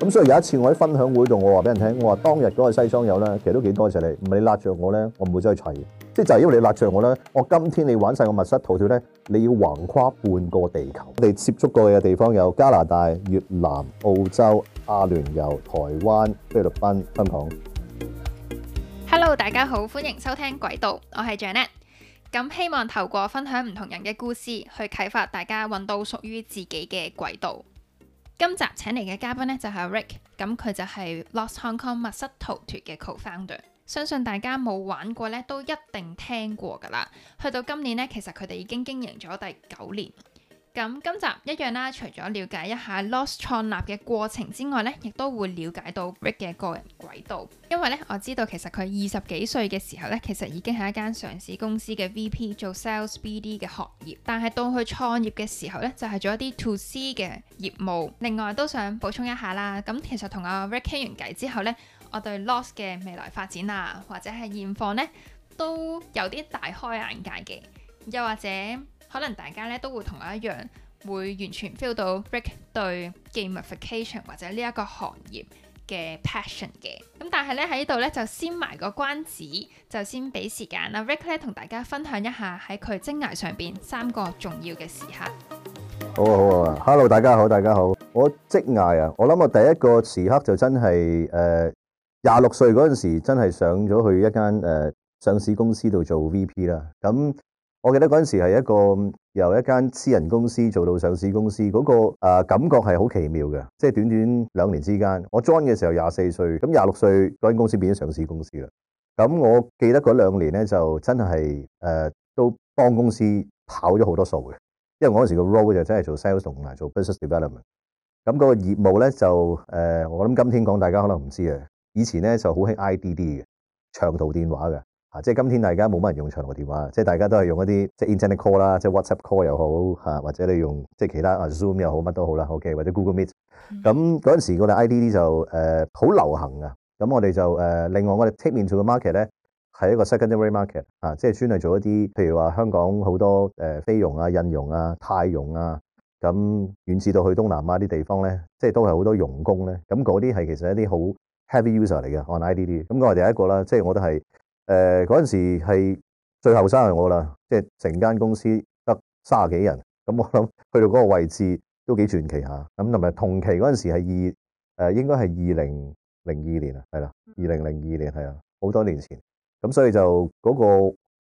咁所以有一次我喺分享會度，我話俾人聽，我話當日嗰個西裝友呢，其實都幾多謝你。唔係你拉着我呢，我唔會走去齊即係就係因為你拉着我呢，我今天你玩晒個密室逃脫呢，你要橫跨半個地球。我哋接觸過嘅地方有加拿大、越南、澳洲、阿聯酋、台灣、菲律賓、香港。落翻分享。Hello，大家好，歡迎收聽軌道，我係 Janet。咁希望透過分享唔同人嘅故事，去啟發大家揾到屬於自己嘅軌道。今集請嚟嘅嘉賓呢，就係 Rick，咁佢就係 Lost Hong Kong 密室逃脱嘅 co-founder，相信大家冇玩過呢，都一定聽過㗎啦。去到今年呢，其實佢哋已經經營咗第九年。咁今集一樣啦，除咗了，了解一下 LOST 創立嘅過程之外呢，亦都會了解到 Rick 嘅個人軌道。因為呢，我知道其實佢二十幾歲嘅時候呢，其實已經係一間上市公司嘅 VP 做 Sales BD 嘅行業。但係到佢創業嘅時候呢，就係、是、做一啲 To C 嘅業務。另外都想補充一下啦，咁其實同阿 Rick 傾完偈之後呢，我對 LOST 嘅未來發展啊，或者係現況呢，都有啲大開眼界嘅，又或者。可能大家咧都會同我一樣，會完全 feel 到 Rick 對 gamification 或者呢一個行業嘅 passion 嘅。咁但係咧，喺呢度咧就先埋個關子，就先俾時間啦。啊、Rick 咧同大家分享一下喺佢職涯上邊三個重要嘅時刻。好啊好啊，Hello 大家好，大家好。我職涯啊，我諗我第一個時刻就真係誒廿六歲嗰陣時，真係上咗去一間誒、呃、上市公司度做 VP 啦。咁我記得嗰陣時係一個由一間私人公司做到上市公司，嗰個誒感覺係好奇妙嘅，即係短短兩年之間。我 join 嘅時候廿四歲，咁廿六歲嗰間公司變咗上市公司啦。咁我記得嗰兩年咧就真係誒都幫公司跑咗好多數嘅，因為我嗰陣時個 role 就真係做 sales 同埋做 business development。咁嗰個業務咧就誒，我諗今天講大家可能唔知啊，以前咧就好興 IDD 嘅長途電話嘅。啊！即係今天大家冇乜人用長途電，電話，即係大家都係用一啲即係 Internet call 啦，即係 WhatsApp call 又好或者你用即係其他 Zoom 又好，乜都好啦。OK，或者 Google Meet。咁嗰陣時我哋 IDD 就誒好、呃、流行嘅。咁我哋就誒、呃、另外我哋 tap into 嘅 market 咧係一個 secondary market、啊、即係專係做一啲譬如話香港好多誒菲傭、呃、啊、印傭啊、泰傭啊，咁遠至到去東南亞啲地方咧，即係都係好多傭工咧。咁嗰啲係其實一啲好 heavy user 嚟嘅 on IDD。咁我哋一個啦，即係我都係。誒、呃，嗰陣時係最後生係我啦，即係成間公司得三十幾人，咁我諗去到嗰個位置都幾傳奇吓。咁同埋同期嗰陣時係二誒、呃，應該係二零零二年啊，係啦，二零零二年係啊，好多年前。咁所以就嗰、嗰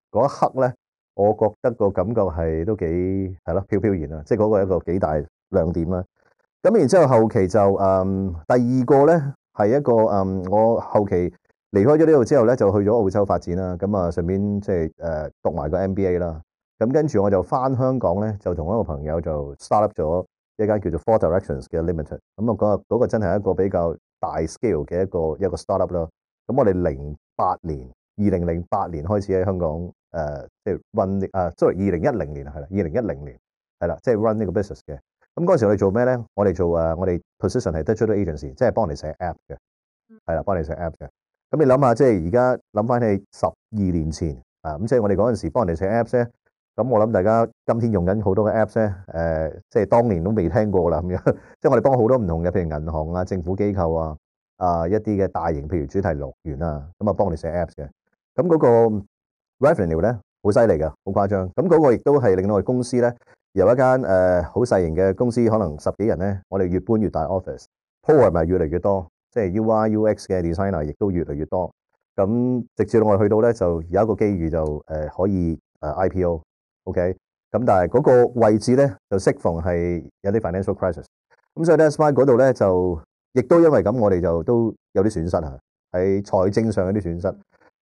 個嗰一刻咧，我覺得個感覺係都幾係咯飄飄然啊，即係嗰個一個幾大亮點啦。咁然之後後期就誒、嗯，第二個咧係一個誒、嗯，我後期離開咗呢度之後咧，就去咗澳洲發展啦。咁啊，順便即係誒讀埋個 MBA 啦。咁跟住我就翻香港咧，就同一個朋友就 start up 咗一間叫做 Four Directions 嘅 Limited。咁啊，嗰個嗰個真係一個比較大 scale 嘅一個一個 start up 咯。咁我哋零八年，二零零八年開始喺香港誒、呃 mm -hmm. uh, so，即係、就是、run 啊，即係二零一零年係啦，二零一零年係啦，即係 run 呢個 business 嘅。咁嗰陣時我哋做咩咧？我哋做誒，uh, 我哋 position 係 digital agency，即係幫你寫 app 嘅，係啦，幫你寫 app 嘅。咁你諗下，即係而家諗翻起十二年前啊，咁即係我哋嗰陣時幫人哋寫 apps 咧。咁我諗大家今天用緊好多嘅 apps 咧，誒，即係當年都未聽過啦咁樣。即係我哋幫好多唔同嘅，譬如銀行啊、政府機構啊、啊一啲嘅大型，譬如主題樂園啊，咁啊幫我哋寫 apps 嘅。咁嗰個 revenue 咧，好犀利㗎，好誇張。咁嗰個亦都係令到我哋公司咧，由一間誒好細型嘅公司，可能十幾人咧，我哋越搬越大 office，舖，係咪越嚟越多？即係 U I U X 嘅 designer，亦都越嚟越多。咁直至到我哋去到咧，就有一個機遇就可以 I P O。O K。咁但係嗰個位置咧就適逢係有啲 financial crisis。咁所以咧 s p y 嗰度咧就亦都因為咁，我哋就都有啲損失嚇、啊、喺財政上有啲損失、啊。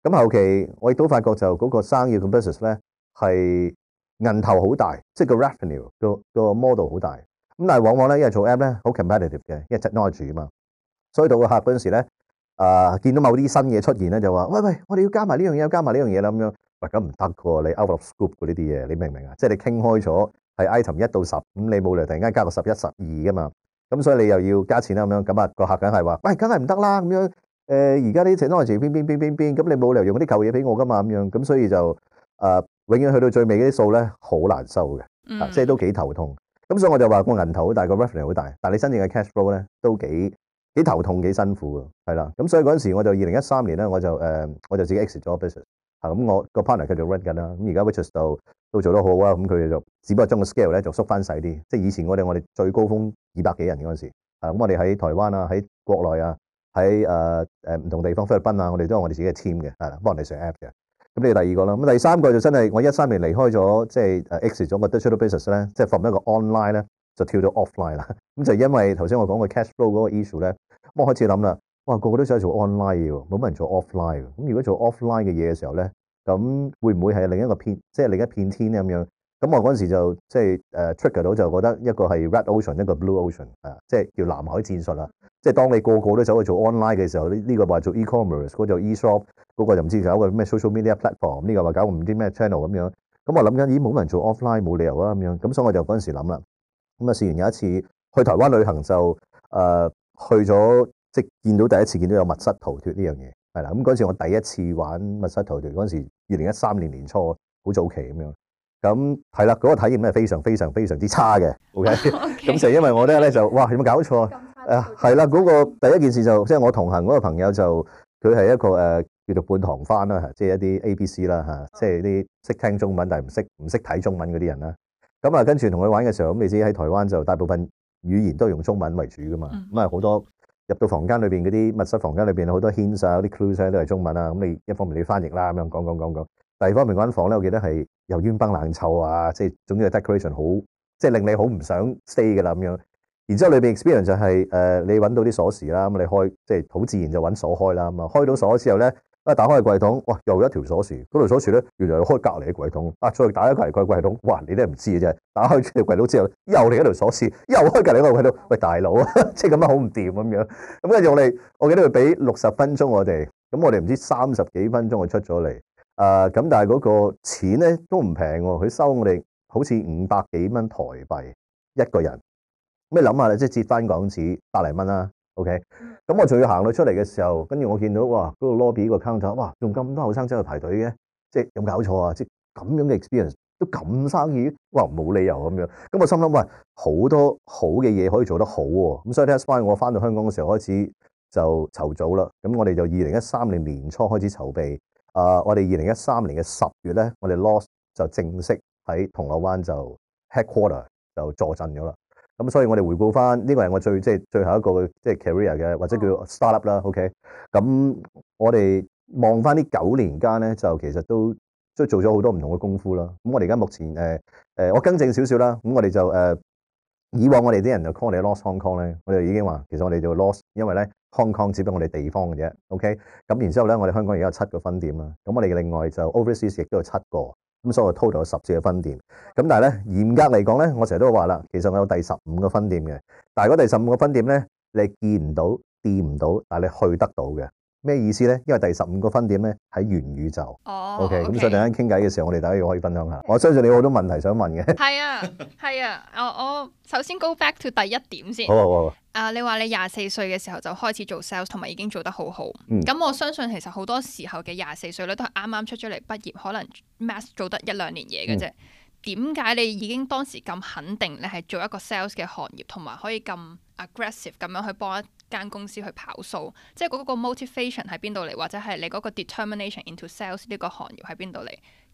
咁後期我亦都發覺就嗰個生意嘅 business 咧係銀頭好大，即係個 revenue 個 model 好大。咁但係往往咧因為做 app 咧好 competitive 嘅，因為 technology 啊嘛。所以到個客嗰陣時咧，誒，見到某啲新嘢出現咧，就話：，喂喂，我哋要加埋呢樣嘢，加埋呢樣嘢啦，咁樣。喂，咁唔得噶，你 out of scope 噶呢啲嘢，你明唔明啊？即係你傾開咗係 item 一到十，咁你冇理由突然間加個十一、十二噶嘛。咁所以你又要加錢啦，咁樣，咁啊個客梗係話：，喂，梗係唔得啦，咁樣。誒，而家啲情都開始變變變變變，咁你冇理由用嗰啲舊嘢俾我噶嘛，咁樣。咁所以就誒，永遠去到最尾嗰啲數咧，好難收嘅，啊，即係都幾頭痛。咁所以我就話個銀頭好大，個 revenue 好大，但係你真正嘅 cash flow 咧都幾。幾頭痛幾辛苦噶，係啦，咁所以嗰陣時我就二零一三年咧，我就誒，我就自己 exit 咗 business，吓，咁我個 partner 佢就 run 緊啦，咁而家 Witchers 就都做得好啊，咁佢哋就只不過將個 scale 咧就縮翻細啲，即係以前我哋我哋最高峰二百幾人嗰陣時，啊咁我哋喺台灣啊，喺國內啊，喺誒誒唔同地方菲律賓啊，我哋都係我哋自己嘅 team 嘅，係啦，幫人哋寫 app 嘅，咁呢個第二個啦，咁第三個就真係我一三年離開咗，即係 exit 咗個 digital business 咧，即係放咗一個 online 咧。就跳咗 offline 啦，咁就因為頭先我講個 cash flow 嗰個 issue 咧，我開始諗啦，哇個個都想去做 online 嘅喎，冇乜人做 offline 嘅。咁如果做 offline 嘅嘢嘅時候咧，咁會唔會係另一個片，即係另一片天咁樣？咁我嗰陣時就即係誒 trigger 到，就覺得一個係 red ocean，一個 blue ocean 啊，即係叫藍海戰術啦。即係當你個個都走去做 online 嘅時候，呢呢個話做 e-commerce，嗰個做 e-shop，嗰個就唔知搞個咩 social media platform，呢個話搞個唔知咩 channel 咁樣。咁我諗緊，咦冇人做 offline，冇理由啊咁樣，咁所以我就嗰陣時諗啦。咁啊！試完有一次去台灣旅行就誒、呃、去咗，即係見到第一次見到有密室逃脫呢樣嘢，係啦。咁嗰陣時我第一次玩密室逃脫嗰陣時，二零一三年年初，好早期咁樣。咁係啦，嗰、那個體驗咁係非常非常非常之差嘅。OK，咁、okay. 就 因為我咧咧就哇有冇搞錯？誒係啦，嗰、那個第一件事就即係、就是、我同行嗰個朋友就佢係一個誒、呃、叫做半唐番啦，即、就、係、是、一啲 ABC 啦嚇，即係啲識聽中文但係唔識唔識睇中文嗰啲人啦。咁啊，跟住同佢玩嘅時候，咁你知喺台灣就大部分語言都係用中文為主噶嘛，咁係好多入到房間裏邊嗰啲密室房間裏邊好多 hints 啊，啲 clues 啊都係中文啊，咁你一方面你要翻譯啦，咁樣講講講講。第二方面間房咧，我記得係又冤崩爛臭啊，即係總之個 decoration 好，即係令你好唔想 stay 噶啦咁樣。然之後裏邊 experience 就係，誒，你搵到啲鎖匙啦，咁你開即係好自然就搵鎖開啦，咁啊開到鎖之後咧。啊！打開櫃桶，哇，又一條鎖匙，嗰條鎖匙咧，原來係開隔籬嘅櫃桶。啊，再打開隔籬櫃櫃櫃桶，哇！你都係唔知嘅啫。打開呢條櫃桶之後，又嚟一條鎖匙，又開隔籬一個櫃桶。喂，大佬啊，即係咁樣好唔掂咁樣。咁跟住我哋，我記得佢俾六十分鐘我哋，咁我哋唔知三十幾分鐘就出咗嚟。誒、啊，咁但係嗰個錢咧都唔平喎，佢收我哋好似五百幾蚊台幣一個人。咩諗下咧？即係折翻港紙百零蚊啦。OK，咁我仲要行到出嚟嘅時候，跟住我見到哇，嗰、那個 lobby 個 counter 哇，仲咁多後生仔去排隊嘅，即係有冇搞錯啊？即係咁樣嘅 experience 都咁生意，哇，冇理由咁樣。咁我心諗喂，好多好嘅嘢可以做得好喎、哦。咁所以 that's why 我返到香港嘅時候開始就籌組啦。咁我哋就二零一三年年初開始籌備。啊，我哋二零一三年嘅十月咧，我哋 LOST 就正式喺銅鑼灣就 headquarter 就坐鎮咗啦。咁所以我們回回，我哋回顧翻呢個係我最即係最後一個嘅即係 career 嘅，或者叫 startup 啦。OK，咁我哋望翻呢九年間咧，就其實都即都做咗好多唔同嘅功夫啦。咁我哋而家目前誒誒、呃呃，我更正少少啦。咁我哋就誒、呃、以往我哋啲人就 call 我哋 Lost Hong Kong 咧，我哋已經話其實我哋就 Lost，因為咧 Hong Kong 只不過我哋地方嘅啫。OK，咁然之後咧，我哋香港而家有七個分店啊，咁我哋另外就 overseas 亦都有七個。咁所以我 total 十四嘅分店，咁但係呢，嚴格嚟講呢，我成日都話啦，其實我有第十五個分店嘅，但係嗰第十五個分店呢，你是見唔到，掂唔到，但係你去得到嘅。咩意思呢？因為第十五個分點呢，喺元宇宙。哦、oh, okay, 嗯。O K，咁所以陣間傾偈嘅時候，我哋大家可以分享下。我相信你有好多問題想問嘅。係啊，係啊。我我首先 go back to 第一點先。好啊，好啊。Uh, 你話你廿四歲嘅時候就開始做 sales，同埋已經做得好好。咁、嗯、我相信其實好多時候嘅廿四歲咧，都係啱啱出咗嚟畢業，可能 max 做得一兩年嘢嘅啫。嗯。點解你已經當時咁肯定你係做一個 sales 嘅行業，同埋可以咁 aggressive 咁樣去幫一？間公司去跑數，即係嗰嗰個 motivation 喺邊度嚟，或者係你嗰個 determination into sales 呢個行業喺邊度嚟？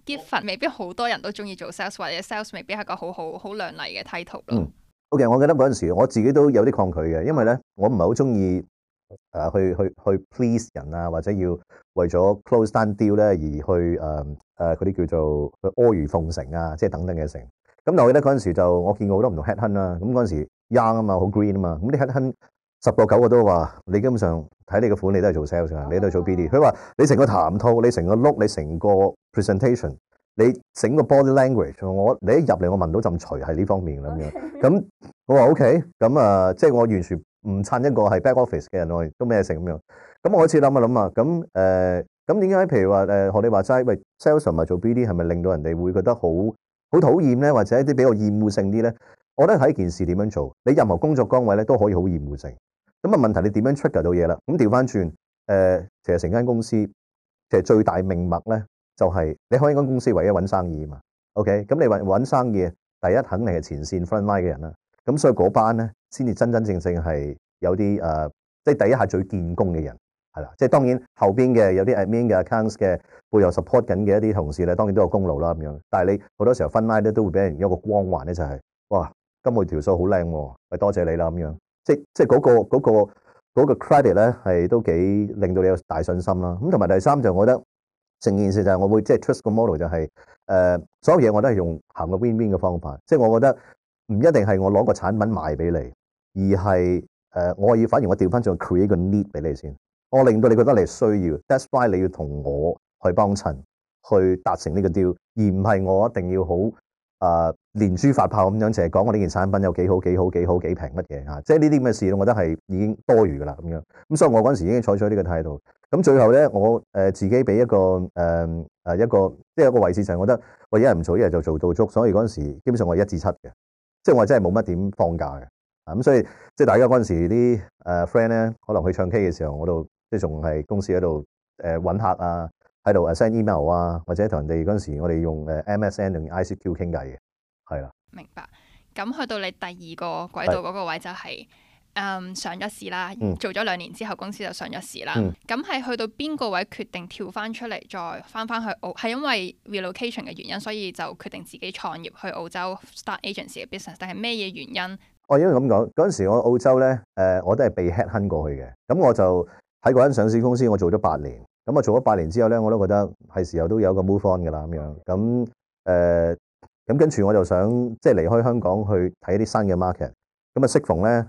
結份未必好多人都中意做 sales，或者 sales 未必係個好好好亮麗嘅 title 咯。嗯，OK，我記得嗰陣時我自己都有啲抗拒嘅，因為咧我唔係好中意誒去去去 please 人啊，或者要為咗 close 單 deal 咧而去誒誒嗰啲叫做去阿諛奉承啊，即係等等嘅成。咁我記得嗰陣時就我見過好多唔同 head hun 啦，咁嗰陣時 young 啊嘛，好 green 啊嘛，咁啲 head hun。十個九個都話，你基本上睇你個款，你都係做 sales 啊，你都係做 BD。佢話你成個談吐，你成個 look，你成個 presentation，你整個 body language，我你一入嚟、okay.，我聞到浸除係呢方面咁樣。咁我話 OK，咁啊，即係我完全唔襯一個係 back office 嘅人，我都咩成咁樣。咁我開始諗啊諗啊，咁誒，咁點解譬如話誒學你話齋，喂 sales 同埋做 BD 係咪令到人哋會覺得好好討厭咧，或者一啲比較厭惡性啲咧？我都睇件事點樣做，你任何工作崗位咧都可以好厭惡性。咁啊問題你點樣出格到嘢啦？咁調翻轉，誒、呃，其實成間公司其實最大命脈咧，就係、是、你可以間公司唯一搵生意嘛。OK，咁你搵搵生意，第一肯定係前線 front line 嘅人啦。咁所以嗰班咧，先至真真正正係有啲誒、呃，即係第一下最建功嘅人係啦。即係當然後邊嘅有啲 admin 嘅 accounts 嘅，會有 support 緊嘅一啲同事咧，當然都有功勞啦咁樣。但係你好多時候 front line 咧都會俾人一個光環咧，就係、是、哇～今日條數好靚喎，咪多謝，謝你啦咁樣，即即嗰、那個嗰、那個那個 credit 咧係都幾令到你有大信心啦、啊。咁同埋第三就我覺得成件事就係我會即、就是、trust 個 model 就係、是、誒、呃、所有嘢我都係用行個 win-win 嘅方法，即係我覺得唔一定係我攞個產品賣俾你，而係誒、呃、我要反而我調翻轉 create 個 need 俾你先，我令到你覺得你需要，that's why 你要同我去幫襯去達成呢個 deal，而唔係我一定要好。誒、啊，連珠發炮咁樣，成日講我呢件產品有幾好，幾好，幾好，幾平乜嘢？吓，即係呢啲咁嘅事，我覺得係已經多餘噶啦，咁樣。咁、啊、所以我嗰陣時已經採取呢個態度。咁、啊、最後咧，我誒、呃、自己俾一個誒誒一個，即、呃、係一,一,一個位置就係，我覺得我一日唔做，一日就做到足。所以嗰陣時基本上我係一至七嘅，即係我真係冇乜點放假嘅。啊，咁所以即係大家嗰陣時啲誒 friend 咧，可能去唱 K 嘅時候，我度即係仲係公司喺度誒搵客啊。喺度 send email 啊，或者同人哋嗰陣時我用 MSN, 用，我哋用誒 MSN 同 ICQ 傾偈嘅，係啦。明白。咁去到你第二個軌道嗰個位就係、是、誒、嗯、上咗市啦，做咗兩年之後，公司就上咗市啦。咁、嗯、係去到邊個位決定跳翻出嚟，再翻翻去澳？係因為 relocation 嘅原因，所以就決定自己創業去澳洲 start agency 嘅 business。但係咩嘢原因？因為咁講，嗰陣時我澳洲咧，誒、呃、我都係被 head hunt 過去嘅。咁我就喺嗰間上市公司，我做咗八年。咁、嗯、啊，我做咗八年之後呢，我都覺得係時候都有個 move on 㗎啦，咁樣。咁、嗯嗯、跟住我就想即係、就是、離開香港去睇啲新嘅 market。咁啊，適逢呢誒、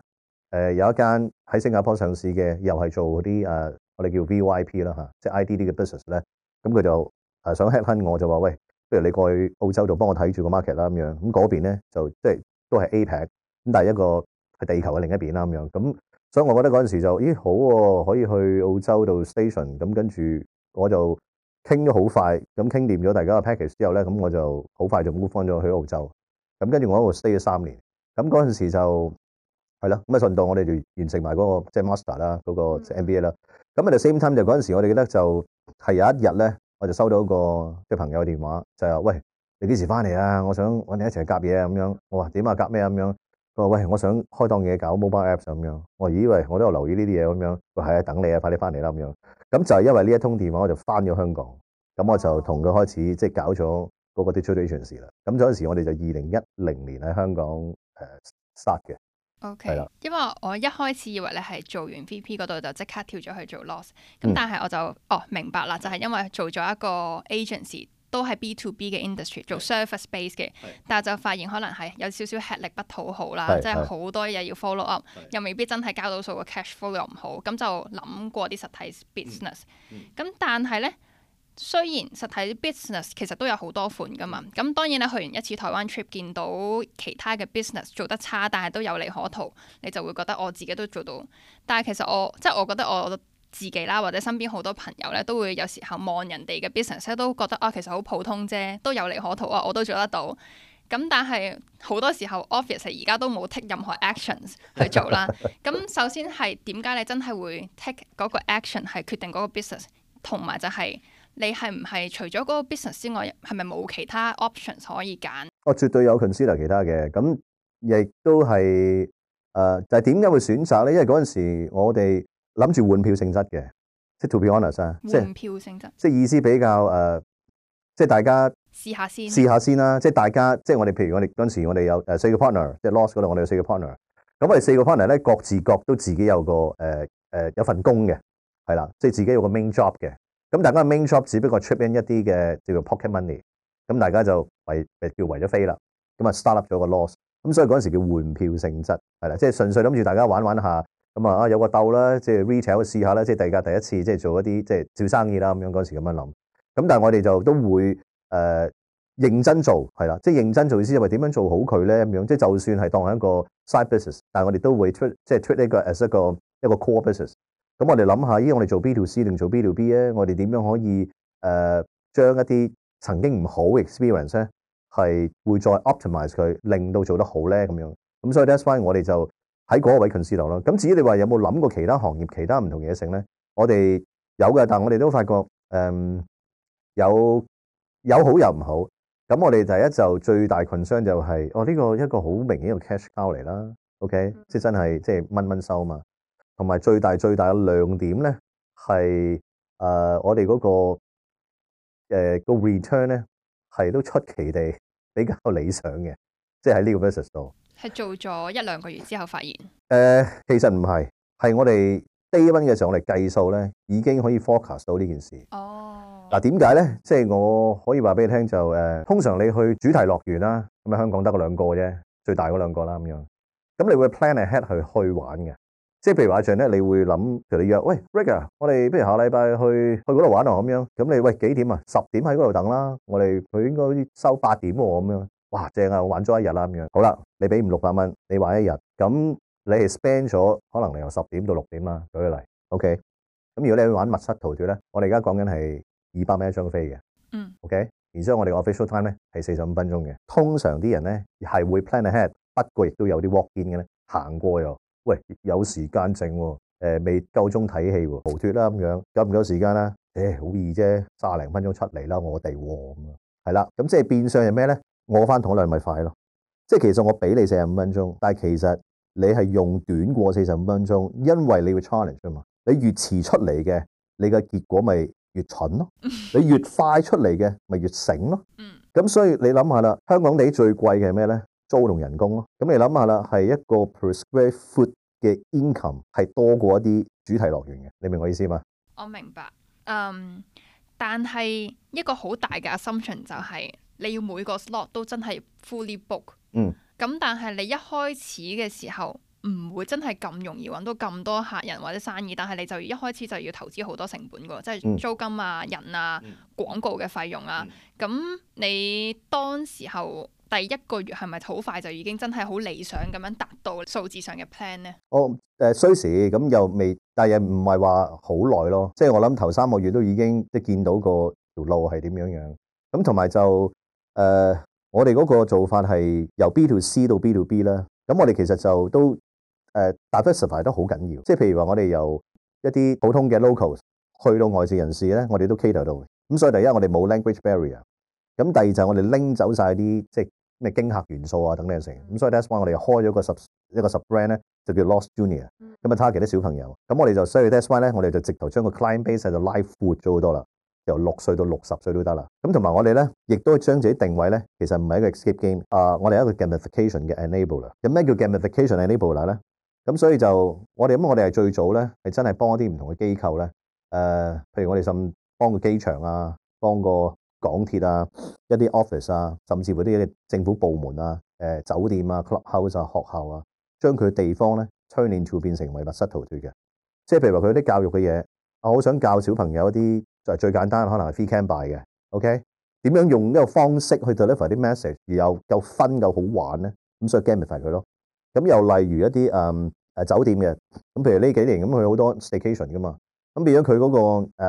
呃、有一間喺新加坡上市嘅，又係做嗰啲、啊、我哋叫 VIP 啦、啊、即係 IDD 嘅 business 呢、嗯。咁佢就、啊、想 head hunt 我就說，就話喂，不如你過去澳洲度幫我睇住個 market 啦，咁樣。咁、嗯、嗰邊呢就即係都係 APEC，咁但係一個係地球嘅另一邊啦，咁樣。所以我覺得嗰陣時候就，咦好喎、哦，可以去澳洲到 station，咁跟住我就傾咗好快，咁傾掂咗大家嘅 package 之後呢，咁我就好快就 move on 咗去澳洲，咁跟住我喺度 stay 咗三年，咁嗰陣時候就係啦，咁啊順道我哋就完成埋嗰、那個即係、就是、master 啦，嗰、那個即係 MBA 啦，咁我哋 same time 就嗰陣時我哋記得就係有一日呢，我就收到一個即係朋友的電話，話，就話喂你幾時返嚟啊？我想揾你一齊夾嘢啊，咁樣，我話點啊夾咩咁樣？我話喂，我想開檔嘢搞 mobile apps 咁樣，我以為我都有留意呢啲嘢咁樣，我係啊、哎、等你啊，快啲翻嚟啦咁樣。咁就係因為呢一通電話，我就翻咗香港。咁我就同佢開始即係、就是、搞咗嗰個 digital agency 啦。咁嗰陣時，我哋就二零一零年喺香港誒、uh, start 嘅。O K。係啦，因為我一開始以為你係做完 VP 嗰度就即刻跳咗去做 Lost，咁但係我就、嗯、哦明白啦，就係、是、因為做咗一個 agency。都係 B to B 嘅 industry 做 service base 嘅，但係就發現可能係有少少吃力不討好啦，即係好多嘢要 follow up，又未必真係交到數，個 cash flow 又唔好，咁就諗過啲實體 business。咁、嗯、但係呢，雖然實體 business 其實都有好多款噶嘛，咁當然啦去完一次台灣 trip 見到其他嘅 business 做得差，但係都有利可圖，你就會覺得我自己都做到。但係其實我即係我覺得我。自己啦，或者身邊好多朋友咧，都會有時候望人哋嘅 business，都覺得啊，其實好普通啫，都有利可圖啊，我都做得到。咁但係好多時候 ，office 而家都冇 take 任何 actions 去做啦。咁 首先係點解你真係會 take 嗰個 action 係決定嗰個 business，同埋就係你係唔係除咗嗰個 business 之外，係咪冇其他 options 可以揀？哦，絕對有 consider 其他嘅，咁亦都係誒，就係點解會選擇咧？因為嗰陣時我哋。諗住玩票性質嘅，即係 To be honest 啊！玩票性質，即係意思比較誒，即係大家試下先，試下先啦。即係大家，即係我哋，譬如我哋嗰陣時，我哋有誒四個 partner，即係 Lost 嗰度，我哋有四個 partner。咁我哋四個 partner 咧，各自各都自己有個誒誒有份工嘅，係啦，即係自己有個 main job 嘅。咁大家嘅 main job 只不過 chip in 一啲嘅叫做 pocket money。咁大家就為誒叫為咗飛啦。咁啊，start up 咗個 Lost。咁所以嗰陣時叫玩票性質係啦，即係純粹諗住大家玩玩下。咁啊，有個鬥啦，即係 retail 試下啦，即係第架第一次即係做一啲即係做生意啦，咁樣嗰時咁樣諗。咁但係我哋就都會誒、呃、認真做，係啦，即係認真做意思因為點樣做好佢咧咁樣。即係就算係當係一個 side business，但係我哋都會 treat, 即係出呢個 as 一個一個 core business。咁我哋諗下，依我哋做 B to C 定做 B to B 咧，我哋點樣可以誒將、呃、一啲曾經唔好嘅 experience 咧係會再 optimize 佢，令到做得好咧咁樣。咁所以 that's why 我哋就。喺嗰個位困死到咯。咁至於你話有冇諗過其他行業、其他唔同嘢性咧？我哋有嘅，但係我哋都發覺，誒、嗯、有有好有唔好。咁我哋第一就最大群商就係、是，哦呢、這個一個好明顯嘅 cash 交嚟啦。OK，、嗯、即係真係即係蚊掹收嘛。同埋最大最大嘅亮點咧，係誒、呃、我哋嗰、那個誒、呃那個、return 咧，係都出奇地比較理想嘅，即係喺呢個 b u s i n s 度。係做咗一兩個月之後發現，誒其實唔係，係我哋 Day 1嘅時候，我哋計數咧已經可以 focus 到呢件事。哦，嗱點解咧？即係我可以話俾你聽就誒，通常你去主題樂園啦，咁喺香港得嗰兩個啫，最大嗰兩個啦咁樣。咁你會 plan ahead 去去玩嘅，即係譬如話像咧，你會諗，譬如你約喂 Rick 啊，我哋不如下禮拜去去嗰度玩啊咁樣。咁你喂幾點啊？十點喺嗰度等啦。我哋佢應該收八點喎咁樣。哇正啊！我玩咗一日啦，咁樣好啦，你俾五六百蚊，你玩一日，咁你係 spend 咗可能由十點到六點啊，舉個例，OK，咁如果你去玩密室逃脫咧，我哋而家講緊係二百蚊一張飛嘅，嗯，OK，然之後我哋個 official time 咧係四十五分鐘嘅，通常啲人咧係會 plan ahead，不過亦都有啲 walk in 嘅咧，行過又喂有時間剩，誒未夠鐘睇戲逃脫啦咁樣，夠唔夠時間啦，誒好易啫，卅零分鐘出嚟啦，我哋喎，係啦，咁即係變相係咩咧？我翻同一量咪快咯，即係其實我俾你四十五分鐘，但係其實你係用短過四十五分鐘，因為你會 challenge 啊嘛。你越遲出嚟嘅，你嘅結果咪越蠢咯。你越快出嚟嘅，咪越醒咯。咁 所以你諗下啦，香港地最貴嘅係咩咧？租同人工咯。咁你諗下啦，係一個 per square foot 嘅 income 係多過一啲主題樂園嘅。你明我意思嘛？我明白，嗯，um，但係一個好大嘅 assumption 就係、是。你要每個 slot 都真係 fully book，咁、嗯、但係你一開始嘅時候唔會真係咁容易揾到咁多客人或者生意，但係你就一開始就要投資好多成本嘅喎，即係租金啊、人啊、嗯、廣告嘅費用啊。咁、嗯、你當時候第一個月係咪好快就已經真係好理想咁樣達到數字上嘅 plan 呢？我誒衰時咁又未，但係唔係話好耐咯？即係我諗頭三個月都已經即見到個條路係點樣樣。咁同埋就。誒、uh，我哋嗰個做法係由 B to C 到 B to B 啦。咁我哋其實就都誒 diversify 都好緊要。即係譬如話，我哋由一啲普通嘅 locals 去到外籍人士咧，我哋都 cater 到。咁所以第一，我哋冇 language barrier。咁第二就係我哋拎走晒啲即係咩驚嚇元素啊，等等成。咁所以 that's why 我哋開咗個十一個 sub brand 咧，就叫 Lost Junior，咁啊 target 啲小朋友。咁我哋就所以 that's why 咧，我哋就直頭將個 client base 就 live f 拉闊咗好多啦。由六歲到六十歲都得啦。咁同埋我哋咧，亦都將自己定位咧，其實唔係一個 escape game 啊，我哋係一個 gamification 嘅 enable 啦。有咩叫 gamification enable 啦咧？咁所以就我哋咁，我哋係最早咧，係真係幫一啲唔同嘅機構咧。誒、呃，譬如我哋甚至幫個機場啊，幫個港鐵啊，一啲 office 啊，甚至乎啲政府部門啊、呃、酒店啊、clubhouse 啊、學校啊，將佢地方咧 turn into 變成為密室逃脫嘅。即係譬如話佢啲教育嘅嘢，我好想教小朋友一啲。就最簡單的，可能係 free can buy 嘅，OK？點樣用呢個方式去 deliver 啲 message，而又夠分夠好玩咧？咁、嗯、所以 gamify 佢咯。咁、嗯、又例如一啲、um, 酒店嘅，咁、嗯、譬如呢幾年咁佢好多 staycation 噶嘛，咁變咗佢嗰個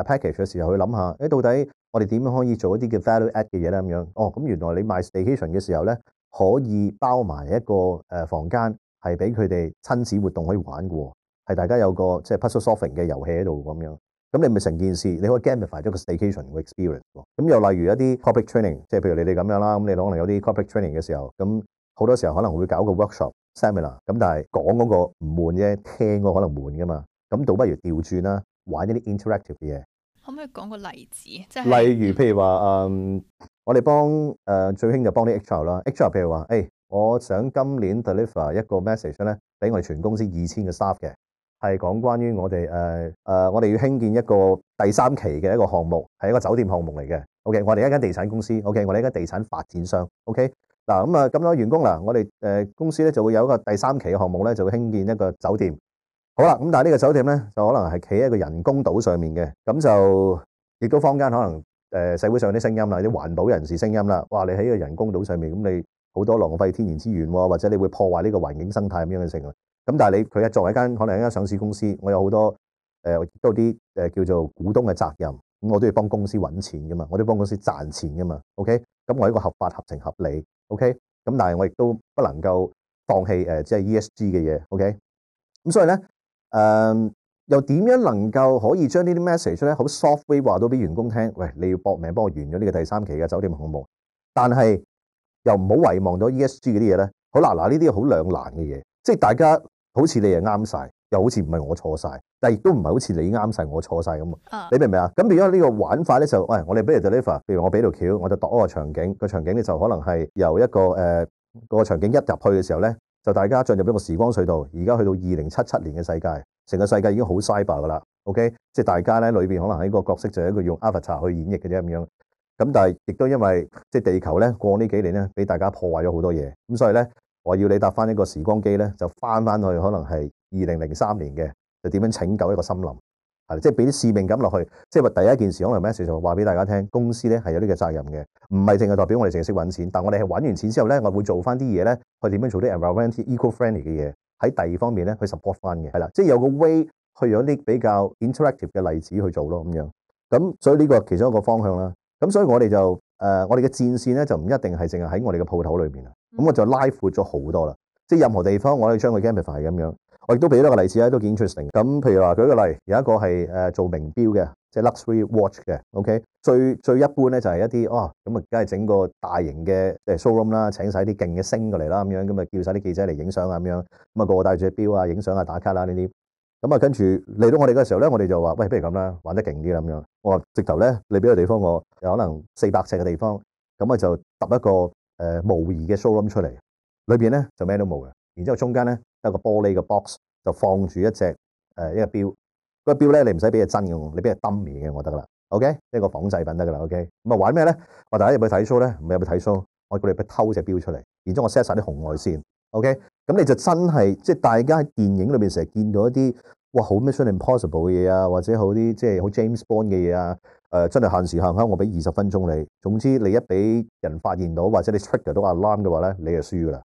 package 嘅時候去諗下誒，到底我哋點樣可以做一啲叫 value add 嘅嘢咧？咁樣哦，咁、嗯、原來你賣 staycation 嘅時候咧，可以包埋一個房間，係俾佢哋親子活動可以玩嘅，係大家有個即係、就是、puzzle solving 嘅遊戲喺度咁樣。咁你咪成件事，你可以 gamify 咗個 station experience。又例如一啲 public training，即係譬如你哋咁樣啦，咁你可能有啲 public training 嘅時候，咁好多時候可能會搞個 workshop、seminar。咁但係講嗰個唔悶啫，聽個可能悶噶嘛。咁倒不如調轉啦，玩一啲 interactive 嘅嘢。可唔可以講個例子？即係例如譬如話，um, 我哋幫、uh, 最興就幫啲 HR 啦。HR 譬如話，誒、欸，我想今年 deliver 一個 message 咧，俾我哋全公司二千嘅 staff 嘅。係講關於我哋誒誒，我哋要興建一個第三期嘅一個項目，係一個酒店項目嚟嘅。OK，我哋一間地產公司，OK，我哋一間地產發展商，OK。嗱咁啊咁多員工嗱，我哋誒公司咧就會有一個第三期嘅項目咧，就會興建一個酒店。好啦，咁但係呢個酒店咧就可能係企喺一個人工島上面嘅，咁就亦都坊間可能誒社會上啲聲音啦，啲環保人士聲音啦，哇！你喺個人工島上面，咁你好多浪費天然資源，或者你會破壞呢個環境生態咁樣嘅情況。咁但係你佢作為一間可能一間上市公司，我有好多誒都啲叫做股東嘅責任，咁我都要幫公司揾錢噶嘛，我都幫公司賺錢噶嘛，OK？咁我一個合法合情合理，OK？咁但係我亦都不能夠放棄即係、呃、ESG 嘅嘢，OK？咁所以咧誒、呃、又點樣能夠可以將呢啲 message 咧好 softly 話到俾員工聽？喂，你要搏命幫我完咗呢個第三期嘅酒店項目，但係又唔好遺忘咗 ESG 嘅啲嘢咧。好啦，嗱呢啲好兩難嘅嘢，即係大家。好似你又啱晒，又好似唔係我錯晒，但係亦都唔係好似你啱晒我錯晒咁啊！你明唔明啊？咁變咗呢個玩法咧就喂、哎，我哋俾嚟 deliver，譬如我俾條橋，我就度個場景。個場景咧就可能係由一個誒，個、呃、場景一入去嘅時候咧，就大家進入咗個時光隧道。而家去到二零七七年嘅世界，成個世界已經好 cyber 噶啦。OK，即係大家咧裏邊可能喺個角色就一個用 Avatar 去演繹嘅啫咁樣。咁但係亦都因為即係、就是、地球咧過呢幾年咧俾大家破壞咗好多嘢，咁所以咧。我要你搭翻一個時光機咧，就翻翻去可能係二零零三年嘅，就點樣拯救一個森林？係啦，即係俾啲使命感落去。即係話第一件事，可能 message 就話俾大家聽，公司咧係有呢個責任嘅，唔係淨係代表我哋淨係識揾錢，但我哋係揾完錢之後咧，我會做翻啲嘢咧，去點樣做啲 environmental、yeah. friendly 嘅嘢，喺第二方面咧去 support 翻嘅。係啦，即係有個 way 去有啲比較 interactive 嘅例子去做咯咁樣。咁所以呢個其中一個方向啦。咁所以我哋就、呃、我哋嘅戰線咧就唔一定係淨係喺我哋嘅鋪頭裏面咁、嗯、我就拉闊咗好多啦，即係任何地方，我都以將佢 gamify 咁樣。我亦都俾多個例子啦、啊，都幾 interesting。咁譬如話舉個例，有一個係誒做名表嘅，即、就、係、是、luxury watch 嘅。OK，最最一般咧就係、是、一啲哦，咁啊梗係整個大型嘅 showroom 啦，請晒啲勁嘅星過嚟啦，咁樣咁啊叫晒啲記者嚟影相啊咁樣，咁、那、啊個個戴住隻表啊影相啊打卡啦呢啲。咁啊跟住嚟到我哋嘅時候咧，我哋就話喂，不如咁啦，玩得勁啲咁樣。我話直頭咧，你俾個地方我，可能四百尺嘅地方，咁啊就揼一個。誒、呃、模擬嘅 showroom 出嚟，裏面咧就咩都冇嘅，然之後中間咧有個玻璃嘅 box，就放住一隻誒、呃、一個錶，個錶咧你唔使俾佢真嘅，你俾嘢 dummy 嘅我得噶啦，OK，一個仿製品得噶啦，OK，咁啊玩咩咧？我大家入去睇 show 咧？唔係入去睇 show？我叫你偷隻錶出嚟，然之後我 set 晒啲紅外線，OK，咁你就真係即係大家喺電影裏面成日見到一啲哇好 Mission Impossible 嘅嘢啊，或者好啲即係好 James Bond 嘅嘢啊。誒、呃，真係限時限刻，我俾二十分鐘你。總之，你一俾人發現到，或者你 trigger 到 alarm 嘅話咧，你就輸噶啦。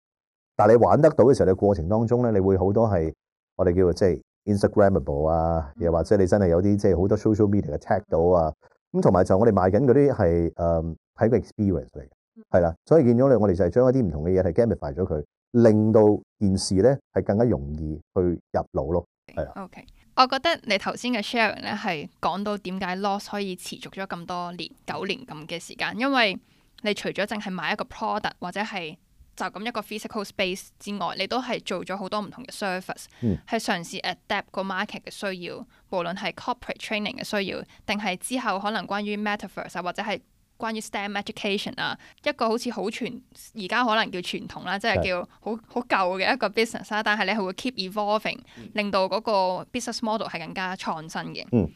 但係你玩得到嘅時候，你的過程當中咧，你會好多係我哋叫做即係 Instagramable 啊，又或者你真係有啲即係好多 social media 嘅 tag 到啊。咁同埋就我哋賣緊嗰啲係誒，係、呃、個 experience 嚟嘅，係啦。所以見咗你，我哋就係將一啲唔同嘅嘢係 gamify 咗佢，令到件事咧係更加容易去入腦咯。係啊。Okay, okay. 我覺得你頭先嘅 sharing 咧係講到點解 LOST 可以持續咗咁多年九年咁嘅時間，因為你除咗淨係賣一個 product 或者係就咁一個 physical space 之外，你都係做咗好多唔同嘅 service，係嘗試 adapt 個 market 嘅需要，無論係 corporate training 嘅需要，定係之後可能關於 metaverse 啊或者係。關於 STEM education 啊，一個好似好傳而家可能叫傳統啦，即係叫好好舊嘅一個 business 啦。但係你佢會 keep evolving，令到嗰個 business model 係更加創新嘅。嗯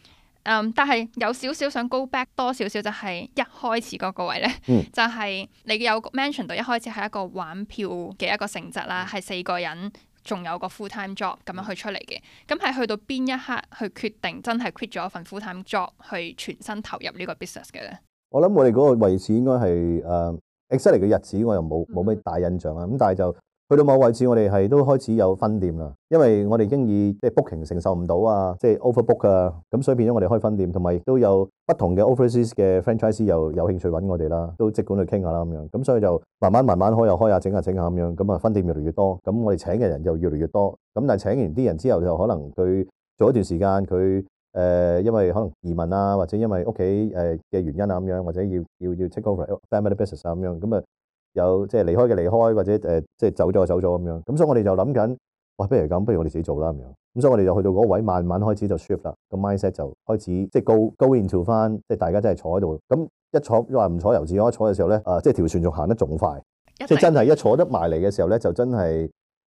，um, 但係有少少想 go back 多少少，就係一開始嗰個位咧、嗯，就係、是、你有 mention 到一開始係一個玩票嘅一個性質啦，係四個人仲有個 full time job 咁樣去出嚟嘅。咁係去到邊一刻去決定真係 quit 咗一份 full time job 去全身投入呢個 business 嘅咧？我諗我哋嗰個位置應該係誒，exit 嚟嘅日子我又冇冇咩大印象啊。咁但係就去到某位置，我哋係都開始有分店啦。因為我哋已經以即係 booking 承受唔到啊，即係 overbook 啊，咁所以變咗我哋開分店，同埋亦都有不同嘅 overseas 嘅 franchise 又有興趣揾我哋啦，都即管去傾下啦咁樣。咁所以就慢慢慢慢開又開下，整下整下咁樣。咁啊，分店越嚟越多，咁我哋請嘅人又越嚟越多。咁但係請完啲人之後，就可能佢做一段時間，佢。誒，因為可能移民啊，或者因為屋企誒嘅原因啊咁樣，或者要要要 take over family business 啊咁樣，咁啊有即係離開嘅離開，或者誒即係走咗走咗咁樣，咁所以我哋就諗緊，哇，不如咁，不如我哋自己做啦咁樣，咁所以我哋就去到嗰位，慢慢開始就 shift 啦，個 mindset 就開始即係 go go into 翻，即係大家真係坐喺度，咁一坐話唔坐遊子開坐嘅時候咧，啊，即係條船仲行得仲快，即係真係一坐得埋嚟嘅時候咧，就真係。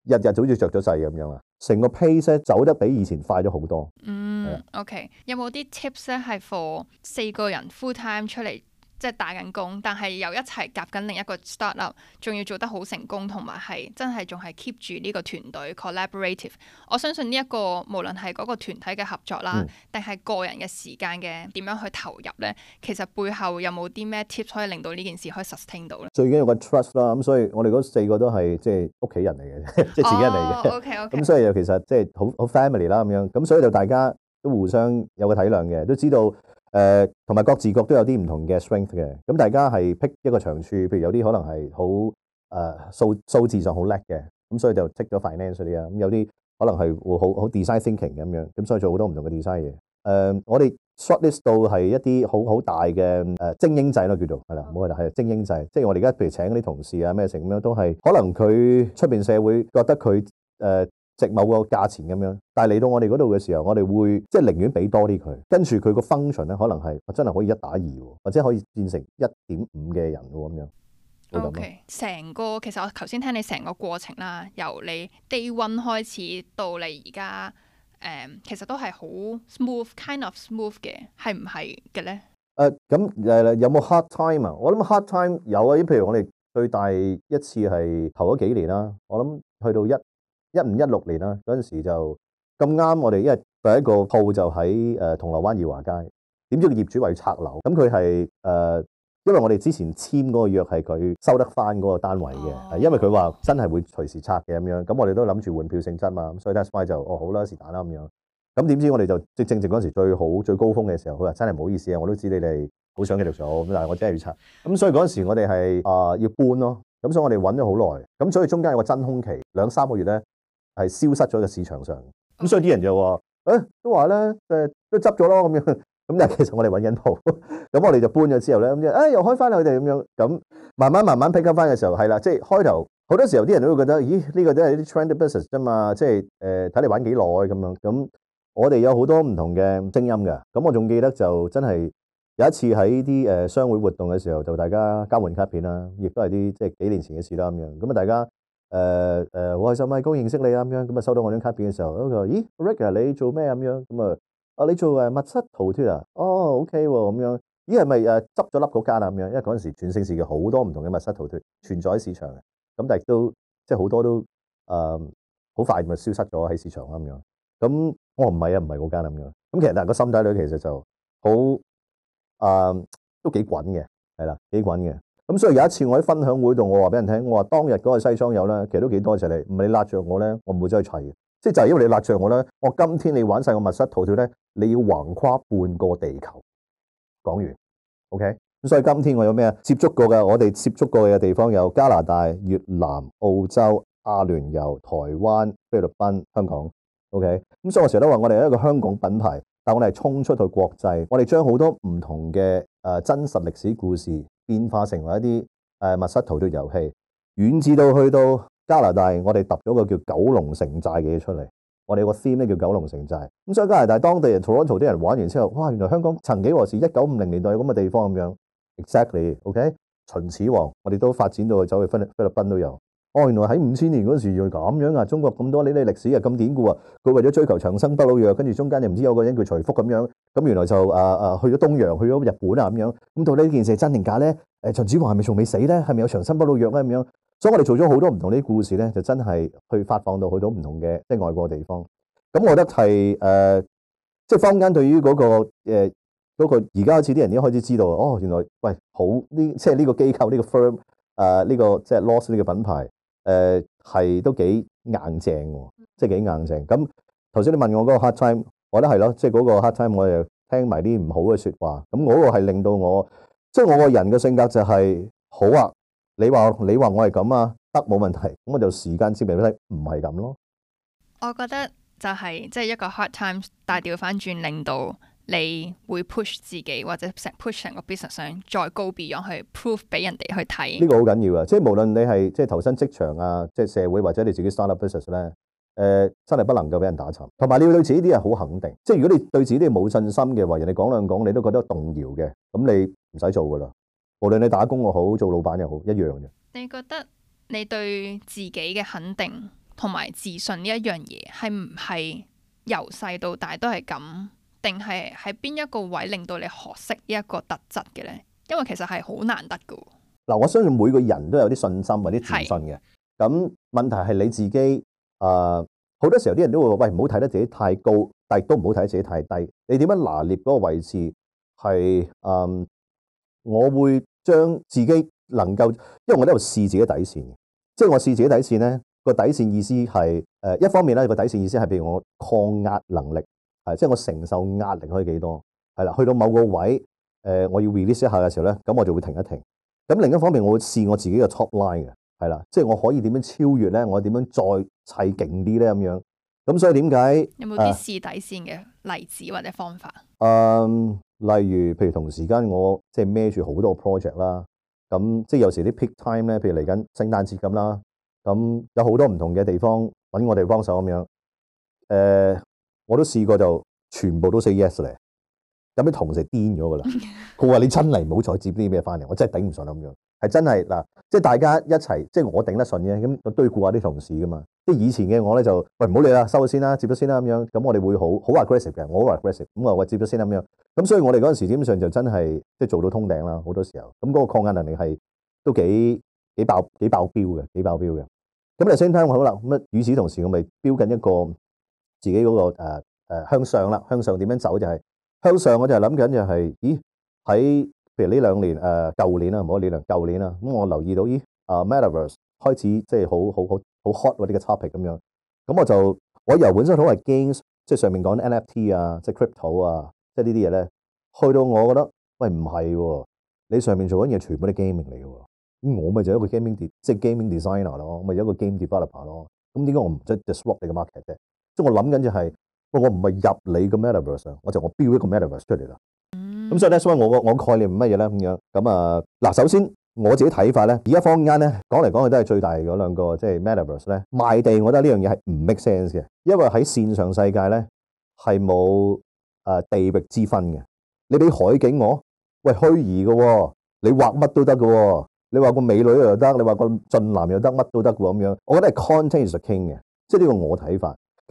日日好似着咗魔咁樣啊，成個 pace 走得比以前快咗好多。嗯、啊，OK，有冇啲 tips 咧，係 for 四個人 full time 出嚟？即係打緊工，但係又一齊夾緊另一個 startup，仲要做得好成功，同埋係真係仲係 keep 住呢個團隊 collaborative。我相信呢一個無論係嗰個團體嘅合作啦，定係個人嘅時間嘅點樣去投入咧，其實背後有冇啲咩 tips 可以令到呢件事可以 sustain 到咧？最緊要個 trust 啦，咁所以我哋嗰四個都係即係屋企人嚟嘅，即 係自己人嚟嘅。O K O K，咁所以又其實即係好好 family 啦咁樣，咁所以就大家都互相有個體諒嘅，都知道。誒同埋各自各都有啲唔同嘅 strength 嘅，咁大家係 pick 一個長處，譬如有啲可能係好誒數數字上好叻嘅，咁所以就 take 咗 finance 嗰啲啊，咁有啲可能係會好好 design thinking 咁樣，咁所以做好多唔同嘅 design 嘢。誒，我哋 short list 到係一啲好好大嘅誒精英制咯，叫做係啦，冇問題係精英制，即係我哋而家譬如請嗰啲同事啊咩成咁樣都係，可能佢出邊社會覺得佢誒。值某個價錢咁樣，但係嚟到我哋嗰度嘅時候，我哋會即係寧願俾多啲佢，跟住佢個 function 咧，可能係真係可以一打二，或者可以變成一點五嘅人咁樣。OK，成個其實我頭先聽你成個過程啦，由你 day one 開始到你而家，誒、嗯，其實都係好 smooth，kind of smooth 嘅，係唔係嘅咧誒、呃，咁誒有冇 hard time 啊？我諗 hard time 有啊，啲譬如我哋最大一次係頭嗰幾年啦，我諗去到一。一五一六年啦，嗰陣時就咁啱，我哋因為第一個鋪就喺誒、呃、銅鑼灣怡華街，點知個業主話要拆樓，咁佢係誒，因為我哋之前簽嗰個約係佢收得翻嗰個單位嘅，oh. 因為佢話真係會隨時拆嘅咁樣，咁我哋都諗住換票性質嘛，咁所以 that's why 就哦好啦，是但啦咁樣，咁點知我哋就即正正嗰陣時最好最高峰嘅時候，佢話真係唔好意思啊，我都知你哋好想繼續做，咁但係我真係要拆，咁所以嗰陣時我哋係啊要搬咯，咁所以我哋揾咗好耐，咁所以中間有個真空期兩三個月咧。係消失咗喺個市場上，咁所以啲人就誒、哎、都話咧，誒都執咗咯咁樣。咁但係其實我哋揾緊鋪，咁我哋就搬咗之後咧，咁即係又開翻啦佢哋咁樣。咁慢慢慢慢 pick up 翻嘅時候，係啦，即係開頭好多時候啲人都會覺得、Age，咦呢個都係啲 trendy business 啫嘛？即係誒睇你玩幾耐咁樣。咁我哋有好多唔同嘅聲音嘅。咁我仲記得就真係有一次喺啲誒商會活動嘅時候，就大家交換卡片啦，亦都係啲即係幾年前嘅事啦咁樣。咁啊大家。誒誒，好開心啊！米高認識你啊，咁樣咁啊，收到我張卡片嘅時候，咁佢話：咦，Rick 啊，你做咩咁樣？咁啊，啊你做誒密室逃脫啊？哦，OK 喎，咁樣，咦係咪誒執咗粒嗰間啦？咁樣，因為嗰陣時全盛時期好多唔同嘅密室逃脫存在喺市場嘅，咁但係都即係好多都誒好快咪消失咗喺市場啦咁樣。咁我唔係啊，唔係嗰間啦咁樣。咁其實但係個心底裏其實就好誒都幾滾嘅，係啦，幾滾嘅。咁所以有一次我喺分享會度，我話俾人聽，我話當日嗰個西裝友咧，其實都幾多謝，你唔係你拉着我咧，我唔會走去砌嘅，即係就係、是，因為你拉着我咧，我今天你玩晒個密室逃脱咧，你要橫跨半個地球。講完，OK。咁所以今天我有咩啊？接觸過嘅，我哋接觸過嘅地方有加拿大、越南、澳洲、阿聯酋、台灣、菲律賓、香港，OK。咁所以我成日都話，我哋係一個香港品牌，但我哋係衝出去國際，我哋將好多唔同嘅誒、呃、真實歷史故事。變化成為一啲誒密室逃脱遊戲，遠至到去到加拿大，我哋揼咗個叫九龍城寨嘅嘢出嚟，我哋個 theme 咧叫九龍城寨。咁所以加拿大當地人 Toronto 啲人玩完之後，哇！原來香港曾幾何時一九五零年代有咁嘅地方咁樣，exactly，ok，okay，秦始皇，我哋都發展到去走去菲律菲律賓都有。哦，原來喺五千年嗰陣時原來咁樣啊！中國咁多呢啲歷史又咁典故啊！佢為咗追求長生不老藥，跟住中間就唔知有個人叫徐福咁樣，咁原來就誒誒、啊、去咗東洋，去咗日本啊咁樣。咁到底呢件事真定假咧？誒，秦始皇係咪仲未死咧？係咪有長生不老藥咧？咁樣，所以我哋做咗好多唔同啲故事咧，就真係去發放到去到唔同嘅即係外國地方。咁我覺得係誒，即、呃、係、就是、坊間對於嗰、嗰個誒而家好似啲人已經開始知道，哦，原來喂好呢、這個這個呃這個，即係呢個機構呢個 firm 誒呢個即係 Lost 呢個品牌。誒，係都幾硬正，即係幾硬正。咁頭先你問我嗰個 hard time，我覺得係咯，即係嗰個 hard time，我又聽埋啲唔好嘅說話。咁我嗰個係令到我，即係我個人嘅性格就係好啊。你話你話我係咁啊，得冇問題。咁我就時間接嚟睇，唔係咁咯。我覺得就係即係一個 hard time，大調翻轉令到。你會 push 自己或者成 push 成個 business 上再高 b 上去 prove 俾人哋去睇呢，呢個好緊要啊！即係無論你係即係投身職場啊，即係社會或者你自己 start up business 咧，誒，真係不能夠俾人打沉。同埋你要對自己啲嘢好肯定。即係如果你對自己啲嘢冇信心嘅話，人哋講兩講你都覺得動搖嘅，咁你唔使做噶啦。無論你打工又好，做老闆又好，一樣嘅。你覺得你對自己嘅肯定同埋自信呢一樣嘢係唔係由細到大都係咁？定係喺邊一個位令到你學識呢一個特質嘅咧？因為其實係好難得噶。嗱，我相信每個人都有啲信心或者自信嘅。咁問題係你自己，誒、呃，好多時候啲人都會話：喂，唔好睇得自己太高，但亦都唔好睇得自己太低。你點樣拿捏嗰個位置？係，嗯，我會將自己能夠，因為我呢度試自己底線即係、就是、我試自己底線咧，個底線意思係，誒、呃，一方面咧個底線意思係，譬如我抗壓能力。係，即係我承受壓力可以幾多？係啦，去到某個位，誒、呃，我要 release 一下嘅時候咧，咁我就會停一停。咁另一方面，我會試我自己嘅 top line 嘅，係啦，即係我可以點樣超越咧？我點樣再砌勁啲咧？咁樣咁，所以點解有冇啲試底線嘅例子或者方法？啊呃、例如譬如同時間我即係孭住好多 project 啦，咁即係有時啲 peak time 咧，譬如嚟緊聖誕節咁啦，咁有好多唔同嘅地方揾我哋幫手咁樣，誒、呃。我都試過就全部都 say yes 咧，有啲同事癲咗噶啦，佢話你真嚟，唔好再接啲咩翻嚟，我真係頂唔順咁樣，係真係嗱，即係大家一齊，即係我頂得順嘅，咁我對顧下啲同事噶嘛，即係以前嘅我咧就，喂唔好理啦，收咗先啦，接咗先啦咁樣，咁我哋會好好話 aggressive 嘅，我好話 aggressive，咁啊，喂，我我接咗先啦咁樣，咁所以我哋嗰陣時基本上就真係即係做到通頂啦，好多時候，咁嗰個抗壓能力係都幾幾爆幾爆標嘅，幾爆標嘅，咁你先聽好啦，咁啊，與此同時我咪飆緊一個。自己嗰個誒誒向上啦，向上點樣走就係向上。我就係諗緊就係咦喺譬如呢兩年誒舊年啊，唔好呢兩舊年啊。咁我留意到咦啊，Metaverse 開始即係好好好好 hot 嗰啲嘅 topic 咁樣。咁我就我由本身好係 games，即係上面講 NFT 啊，即係 crypto 啊，即係呢啲嘢咧，去到我覺得喂唔係喎，你上面做緊嘢全部都係 gaming 嚟嘅喎。咁我咪就一個 gaming 即係 gaming designer 咯，咪一個 game developer 咯。咁點解我唔即係 disrupt 你嘅 market 啫？即係我諗緊就係，喂，我唔係入你個 metaverse 啊，我就我 build 一個 metaverse 出嚟啦。咁、mm. 所以咧，所以我個我概念係乜嘢咧？咁樣咁啊，嗱，首先我自己睇法咧，而家坊間咧講嚟講去都係最大嗰兩個，即係 metaverse 咧賣地，我覺得呢樣嘢係唔 make sense 嘅，因為喺線上世界咧係冇地域之分嘅。你俾海景我，喂虛擬嘅、哦，你畫乜都得喎、哦，你話個美女又得，你話個俊男又得，乜都得嘅咁樣。我覺得係 content is king 嘅，即係呢個我睇法。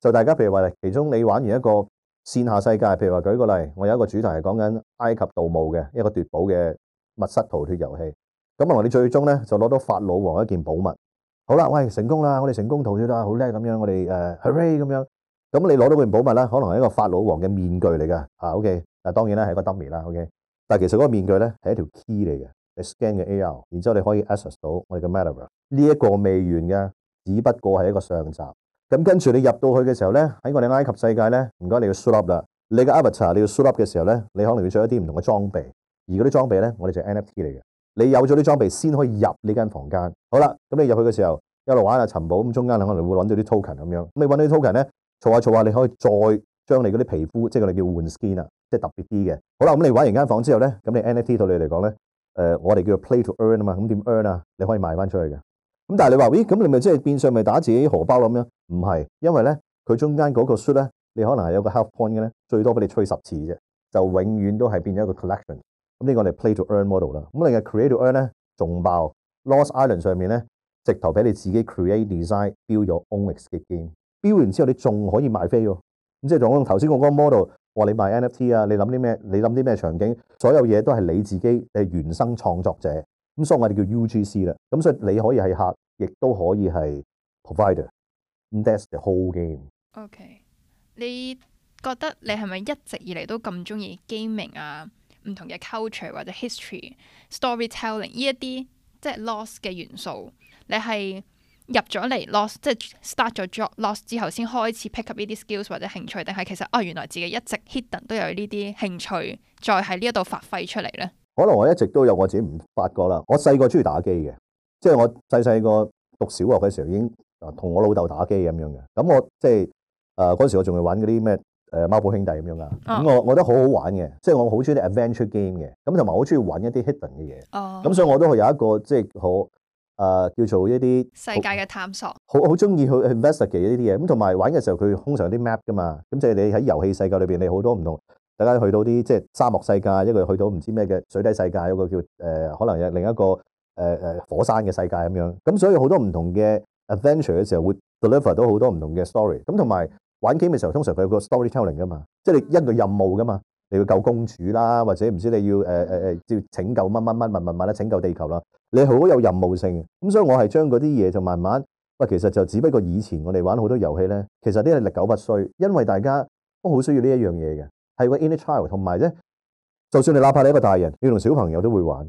就大家，譬如話咧，其中你玩完一個線下世界，譬如話舉個例，我有一個主題係講緊埃及盜墓嘅一個奪寶嘅密室逃脫遊戲。咁啊，我哋最終咧就攞到法老王一件寶物。好啦，喂，成功啦，我哋成功逃脫啦，好叻咁樣，我哋誒，hurray 咁樣。咁你攞到件寶物咧，可能係一個法老王嘅面具嚟噶。啊，OK，但係當然啦，係一個 dummy 啦，OK。但係其實嗰個面具咧係一條 key 嚟嘅，你 scan 嘅 AR，然之後你可以 access 到我哋嘅 metaverse。呢一個未完嘅，只不過係一個上集。咁跟住你入到去嘅時候咧，喺我哋埃及世界咧，唔該你要 suit up 啦。你個 avatar 你要 suit up 嘅時候咧，你可能要著一啲唔同嘅裝備。而嗰啲裝備咧，我哋就係 NFT 嚟嘅。你有咗啲裝備先可以入呢間房間。好啦，咁你入去嘅時候一路玩下尋寶咁，中間你可能會揾到啲 token 咁樣。咁你揾到啲 token 咧，錯下錯下你可以再將你嗰啲皮膚，即係我哋叫換 skin 啊，即係特別啲嘅。好啦，咁你玩完間房之後咧，咁你 NFT 對你嚟講咧，誒我哋叫 play to earn 啊嘛。咁點 earn 啊？你可以賣翻出去嘅。咁但係你話咦，咁你咪即係變相咪打自己荷包咯咁樣？唔係，因為咧，佢中間嗰個 shot 咧，你可能係有個 half point 嘅咧，最多俾你吹十次啫，就永遠都係變咗一個 collection。咁呢個我哋 play to earn model 啦。咁你嘅 create to earn 咧，仲爆。Lost Island 上面咧，直頭俾你自己 create design，build 咗 onix 嘅 game，build 完之後你仲可以賣飛，哦。咁即係講頭先嗰個 model，話你賣 NFT 啊，你諗啲咩？你諗啲咩場景？所有嘢都係你自己嘅原生創作者。咁所以我哋叫 UGC 啦。咁所以你可以係客，亦都可以係 provider。That's the whole game. OK，你覺得你係咪一直以嚟都咁中意 gaming 啊？唔同嘅 culture 或者 history storytelling 呢一啲即係 Lost 嘅元素，你係入咗嚟 Lost 即係 start 咗 job Lost 之後，先開始 pick up 呢啲 skills 或者興趣，定係其實啊，原來自己一直 hidden 都有呢啲興趣，再喺呢一度發揮出嚟咧？可能我一直都有我自己唔發覺啦。我細個中意打機嘅，即係我細細個讀小學嘅時候已經。同我老豆打機咁樣嘅，咁我即係誒嗰時我仲會玩嗰啲咩誒貓寶兄弟咁樣啊，咁、oh. 我我覺得好好玩嘅，即、就、係、是、我好中意 adventure game 嘅，咁同埋好中意玩一啲 hidden 嘅嘢，咁、oh. 所以我都係有一個即係、就是、好誒、呃、叫做一啲世界嘅探索，好好中意去 investigate 呢啲嘢，咁同埋玩嘅時候佢通常有啲 map 噶嘛，咁即係你喺遊戲世界裏邊你好多唔同，大家去到啲即係沙漠世界，一個去到唔知咩嘅水底世界，有一個叫誒、呃、可能有另一個誒誒、呃、火山嘅世界咁樣，咁所以好多唔同嘅。adventure 嘅時候會 deliver 到好多唔同嘅 story，咁同埋玩 game 嘅時候通常佢有個 storytelling 㗎嘛，即係你一個任務㗎嘛，你要救公主啦，或者唔知你要誒誒誒，叫拯救乜乜乜乜乜乜啦，拯救地球啦，你好有任務性，咁所以我係將嗰啲嘢就慢慢，不過其實就只不過以前我哋玩好多遊戲咧，其實呢係歷久不衰，因為大家都好需要呢一樣嘢嘅，係個 inner child，同埋咧，就算你哪怕你一個大人，你同小朋友都會玩。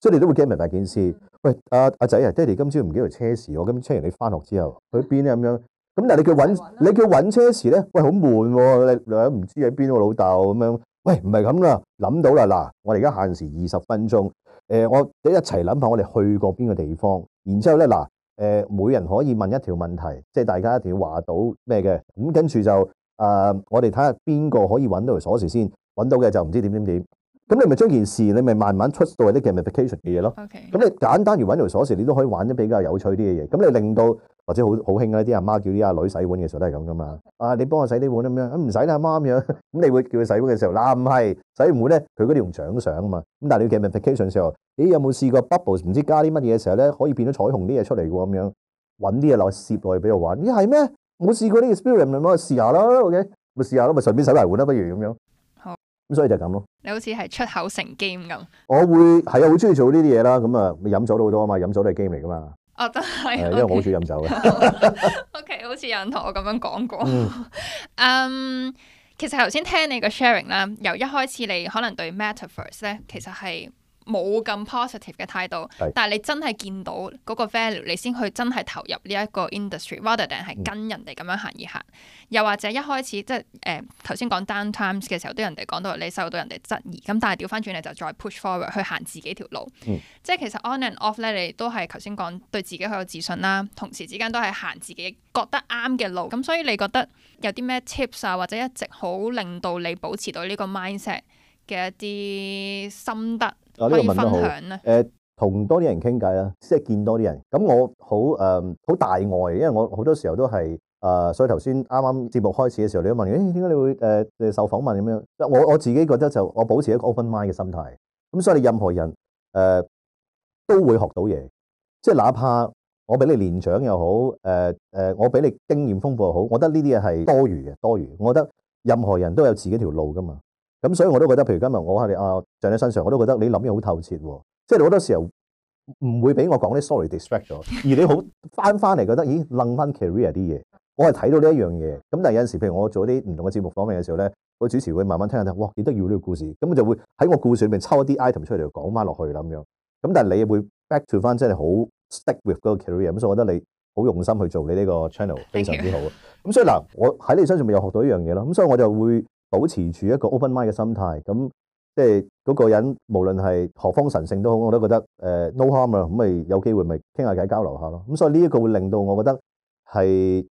即係你都會 get 明白件事。喂，阿阿仔啊，爹哋今朝唔記得條車匙，我今朝車完你翻學之後去邊咧咁樣。咁但係你叫搵、啊，你叫搵車匙咧，喂，好悶、啊，你你唔、啊、知喺邊個老豆咁樣。喂，唔係咁啦，諗到啦嗱，我哋而家限時二十分鐘。誒、呃，我哋一齊諗下我哋去過邊個地方。然之後咧嗱，誒、呃，每人可以問一條問題，即係大家一定要話到咩嘅。咁跟住就誒、呃，我哋睇下邊個可以搵到條鎖匙先，搵到嘅就唔知點點點。咁你咪將件事，你咪慢慢出到啲 gamification 嘅嘢咯。咁、okay，你簡單如揾條鑰匙嗰時，你都可以玩啲比較有趣啲嘅嘢。咁你令到或者好好興嘅啲阿媽叫啲阿女洗碗嘅時候都係咁噶嘛。啊，你幫我洗啲碗咁樣，唔使啦，阿媽咁樣。咁、啊、你會叫佢洗碗嘅時候，嗱唔係洗唔會咧，佢嗰啲用獎賞啊嘛。咁但係你要 gamification 時候，你有冇試過 bubbles 唔知加啲乜嘢嘅時候咧，可以變咗彩虹啲嘢出嚟嘅喎咁樣，揾啲嘢落去攝落去俾佢玩。咦係咩？冇試過啲 experiment，我試下啦，OK，咪試下咯，咪、okay？順便洗埋碗啦，不如咁樣。咁所以就咁咯。你好似係出口成 game 咁。我會係啊，好中意做呢啲嘢啦。咁啊，飲酒都好多啊嘛，飲酒都係 game 嚟噶嘛。哦，真係，因為我 okay. okay, 好中意飲酒嘅。OK，好似有人同我咁樣講過。嗯，um, 其實頭先聽你個 sharing 啦，由一開始你可能對 Metaverse 咧，其實係。冇咁 positive 嘅態度，但係你真係見到嗰個 value，你先去真係投入呢一個 industry rather than 係跟人哋咁樣行而行，又或者一開始即係誒頭先講 down times 嘅時候，都人哋講到你受到人哋質疑，咁但係調翻轉嚟就再 push forward 去行自己條路。嗯、即係其實 on and off 咧，你都係頭先講對自己好有自信啦，同時之間都係行自己覺得啱嘅路。咁所以你覺得有啲咩 tips 啊，或者一直好令到你保持到呢個 mindset？嘅一啲心得可以分享啦。誒、啊，同、呢個問得好呃、多啲人傾偈啦，即係見多啲人。咁我好誒，好、呃、大愛，因為我好多時候都係誒、呃，所以頭先啱啱節目開始嘅時候，你都問，誒點解你會誒、呃、受訪問咁樣？我我自己覺得就我保持一個 open mind 嘅心態。咁所以你任何人誒、呃、都會學到嘢，即係哪怕我比你年長又好，誒、呃、誒、呃，我比你經驗豐富又好，我覺得呢啲嘢係多餘嘅，多餘。我覺得任何人都有自己條路㗎嘛。咁所以我都覺得，譬如今日我喺你啊長你身上，我都覺得你諗嘢好透徹喎、啊。即係好多時候唔會俾我講啲 sorry distract 咗，而你好翻翻嚟覺得咦，楞翻 career 啲嘢，我係睇到呢一樣嘢。咁但有時，譬如我做啲唔同嘅節目講命嘅時候咧，個主持會慢慢聽下就哇，點得要呢個故事。咁佢就會喺我故事裏面抽一啲 item 出嚟就講翻落去咁樣。咁但係你會 back to 翻真係好 stick with 嗰個 career。咁所以我覺得你好用心去做你呢個 channel，非常之好。咁所以嗱，我喺你身上咪又學到一樣嘢咯。咁所以我就會。保持住一個 open mind 嘅心態，咁即係嗰個人無論係何方神聖都好，我都覺得誒 no harm 啊，咁咪有機會咪傾下偈交流下咯。咁所以呢一個會令到我覺得係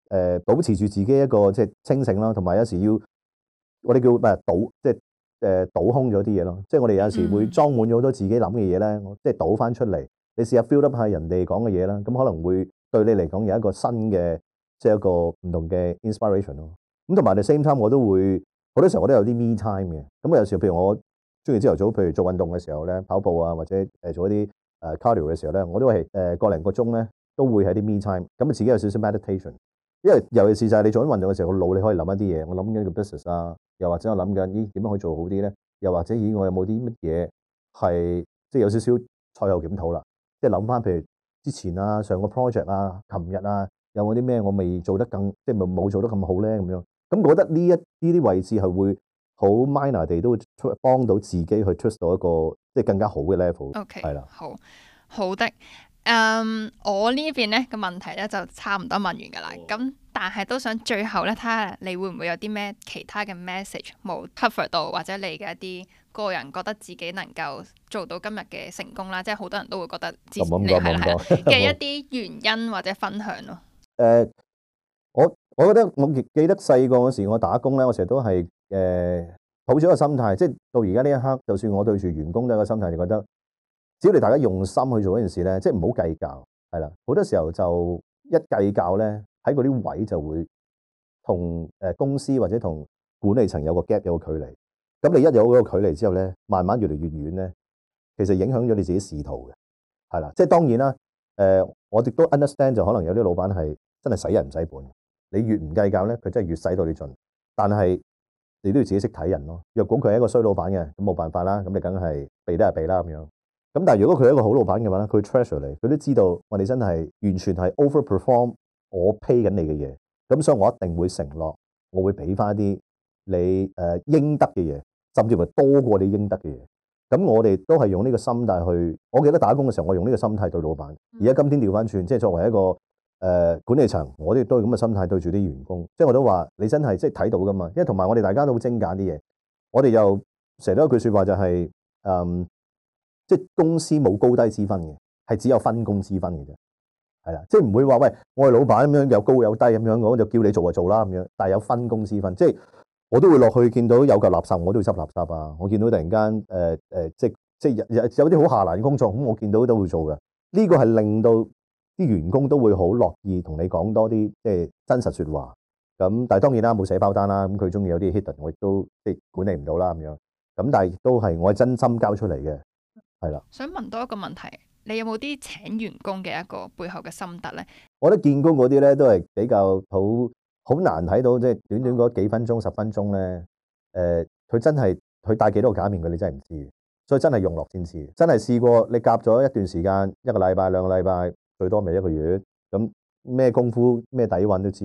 保持住自己一個即係清醒啦，同埋有，有時要我哋叫倒，即係誒倒空咗啲嘢咯。即係我哋有時會裝滿咗好多自己諗嘅嘢咧，即係倒翻出嚟。你試下 feel up 下人哋講嘅嘢啦，咁可能會對你嚟講有一個新嘅，即係一個唔同嘅 inspiration 咯。咁同埋你 same time，我都會。好多時候我都有啲 me time 嘅，咁我有時候譬如我中意朝頭早，譬如做運動嘅時候咧，跑步啊或者做一啲 cardio 嘅時候咧，我都係誒個零個鐘咧，都會喺啲 me time，咁啊自己有少少 meditation，因為尤其是就係你做緊運動嘅時候，個腦你可以諗一啲嘢，我諗緊個 business 啊，又或者我諗緊咦點樣可以做好啲咧，又或者咦我有冇啲乜嘢係即係有少少賽後檢討啦，即係諗翻譬如之前啊、上個 project 啊、琴日啊有冇啲咩我未做得更，即係冇做得咁好咧咁咁、嗯、我覺得呢一呢啲位置係會好 minor 地都會出幫到自己去出到一個即係更加好嘅 level。OK，係啦，好好的。嗯、um,，我呢邊咧個問題咧就差唔多問完噶啦。咁、oh. 但係都想最後咧睇下你會唔會有啲咩其他嘅 message 冇 cover 到，或者你嘅一啲個人覺得自己能夠做到今日嘅成功啦，即係好多人都會覺得自己係啦嘅一啲原因或者分享咯。誒、uh,。我覺得我記得細個嗰時我打工咧，我成日都係誒抱咗個心態，即係到而家呢一刻，就算我對住員工都係個心態，就覺得只要你大家用心去做嗰件事咧，即係唔好計較，係啦。好多時候就一計較咧，喺嗰啲位就會同誒公司或者同管理層有個 gap 有個距離。咁你一有嗰個距離之後咧，慢慢越嚟越遠咧，其實影響咗你自己仕途嘅，係啦。即係當然啦，誒我亦都 understand 就可能有啲老闆係真係使人唔使本。你越唔計較咧，佢真係越使到你盡。但係你都要自己識睇人咯。若果佢係一個衰老闆嘅，咁冇辦法啦。咁你梗係避都係避啦咁樣。咁但係如果佢係一個好老闆嘅話，佢 treasure 你，佢都知道我哋真係完全係 overperform 我 pay 緊你嘅嘢，咁所以我一定會承諾，我會俾翻啲你誒應得嘅嘢，甚至乎多過你應得嘅嘢。咁我哋都係用呢個心態去。我記得打工嘅時候，我用呢個心態對老闆。而家今天調翻轉，即係作為一個。誒、呃，管理層我哋都係咁嘅心態對住啲員工，即係我都話你真係即係睇到噶嘛，因為同埋我哋大家都好精簡啲嘢，我哋又成日都一句說話就係、是，嗯，即係公司冇高低之分嘅，係只有分工之分嘅啫，係啦，即係唔會話喂，我係老闆咁樣，有高有低咁樣，我就叫你做就做啦咁樣，但係有分工之分，即係我都會落去見到有嚿垃圾，我都要執垃圾啊，我見到突然間誒誒，即係即係有啲好下欄嘅工作，咁我見到都會做噶，呢、這個係令到。啲員工都會好樂意同你講多啲即係真實說話，咁但係當然啦，冇寫包單啦。咁佢中意有啲 hidden，我亦都即係管理唔到啦咁樣。咁但亦都係我係真心交出嚟嘅，係啦。想問多一個問題，你有冇啲請員工嘅一個背後嘅心得咧？我覺得見工嗰啲咧都係比較好，好難睇到，即係短短嗰幾分鐘、十分鐘咧。誒、呃，佢真係佢戴幾多個假面佢你真係唔知，所以真係用落先知。真係試過你夾咗一段時間，一個禮拜、兩個禮拜。最多咪一個月，咁咩功夫咩底蘊都知，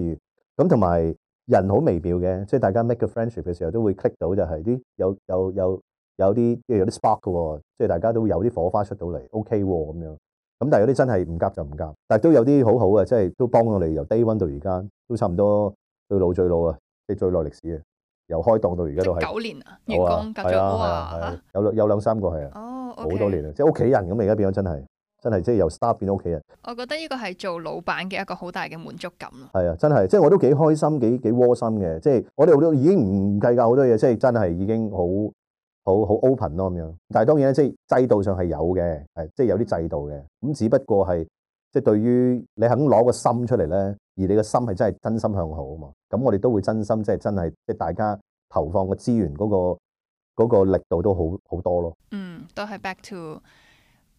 咁同埋人好微妙嘅，即係大家 make a friendship 嘅時候都會 click 到就，就係啲有有有有啲即係有啲 spark 嘅喎，即係大家都會有啲火花出到嚟，OK 喎咁樣。咁但係有啲真係唔夾就唔夾，但係都有啲好好嘅，即係都幫到你由 day one 到而家都差唔多最老最老啊，即係最耐歷史啊，由開檔到而家都係九年啊，啊員工隔咗啊，有有兩三個係啊，好、oh, okay. 多年啊，即係屋企人咁而家變咗真係。真係即係由 staff 變到屋企人，我覺得呢個係做老闆嘅一個好大嘅滿足感咯。係啊，真係即係我都幾開心，幾幾窩心嘅。即係我哋都已經唔計較好多嘢，即係真係已經好好好 open 咯咁樣。但係當然咧，即係制度上係有嘅，係即係有啲制度嘅。咁只不過係即係對於你肯攞個心出嚟咧，而你個心係真係真心向好啊嘛。咁我哋都會真心即係真係即係大家投放嘅資源嗰個嗰個力度都好好多咯。嗯，都係 back to。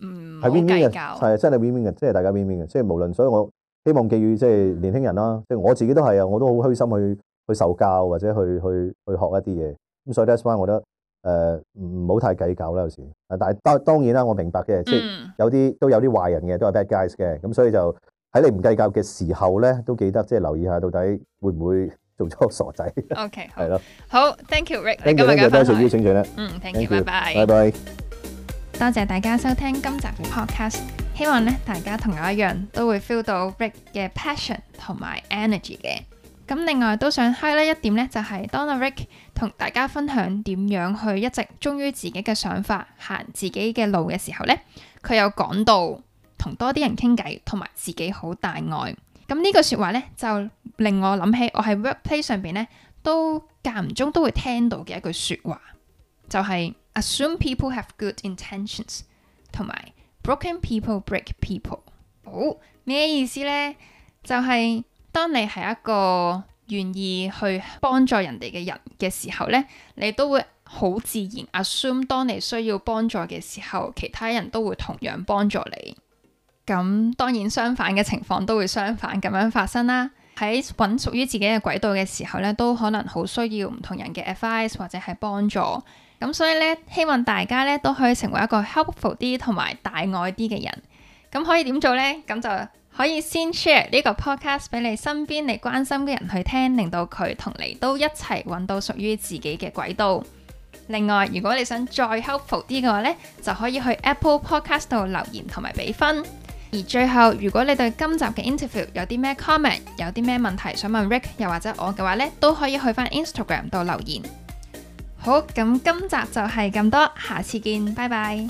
係 win win 嘅，係真係 win win 嘅，即係大家 win win 嘅，即係無論，所以我希望寄予即係年輕人啦，即係我自己都係啊，我都好虛心去去受教或者去去去學一啲嘢。咁所以 that's why，我覺得誒唔唔好太計較啦有時。啊，但係當當然啦，我明白嘅，即係有啲都有啲壞人嘅，都係 bad guys 嘅。咁所以就喺你唔計較嘅時候咧，都記得即係留意下到底會唔會做錯傻仔。OK，係咯，好，thank you Rick，今日嘅，就多謝邀請你啦。嗯，thank you，拜拜。多謝大家收聽今集嘅 podcast，希望咧大家同我一樣都會 feel 到 Rick 嘅 passion 同埋 energy 嘅。咁另外都想 highlight 一點咧，就係當 Rick 同大家分享點樣去一直忠於自己嘅想法，行自己嘅路嘅時候咧，佢有講到同多啲人傾偈，同埋自己好大愛。咁呢句說話咧，就令我諗起我喺 workplace 上邊咧，都間唔中都會聽到嘅一句說話，就係。Assume people have good intentions，同埋 broken people break people。好、哦，咩意思呢？就係、是、當你係一個願意去幫助人哋嘅人嘅時候呢，你都會好自然 assume，當你需要幫助嘅時候，其他人都會同樣幫助你。咁當然相反嘅情況都會相反咁樣發生啦。喺揾屬於自己嘅軌道嘅時候呢，都可能好需要唔同人嘅 advice 或者係幫助。咁所以咧，希望大家咧都可以成為一個 helpful 啲同埋大愛啲嘅人。咁可以點做呢？咁就可以先 share 呢個 podcast 俾你身邊你關心嘅人去聽，令到佢同你都一齊揾到屬於自己嘅軌道。另外，如果你想再 helpful 啲嘅話呢，就可以去 Apple Podcast 度留言同埋俾分。而最後，如果你對今集嘅 interview 有啲咩 comment，有啲咩問題想問 Rick 又或者我嘅話呢，都可以去返 Instagram 度留言。好，咁今集就係咁多，下次見，拜拜。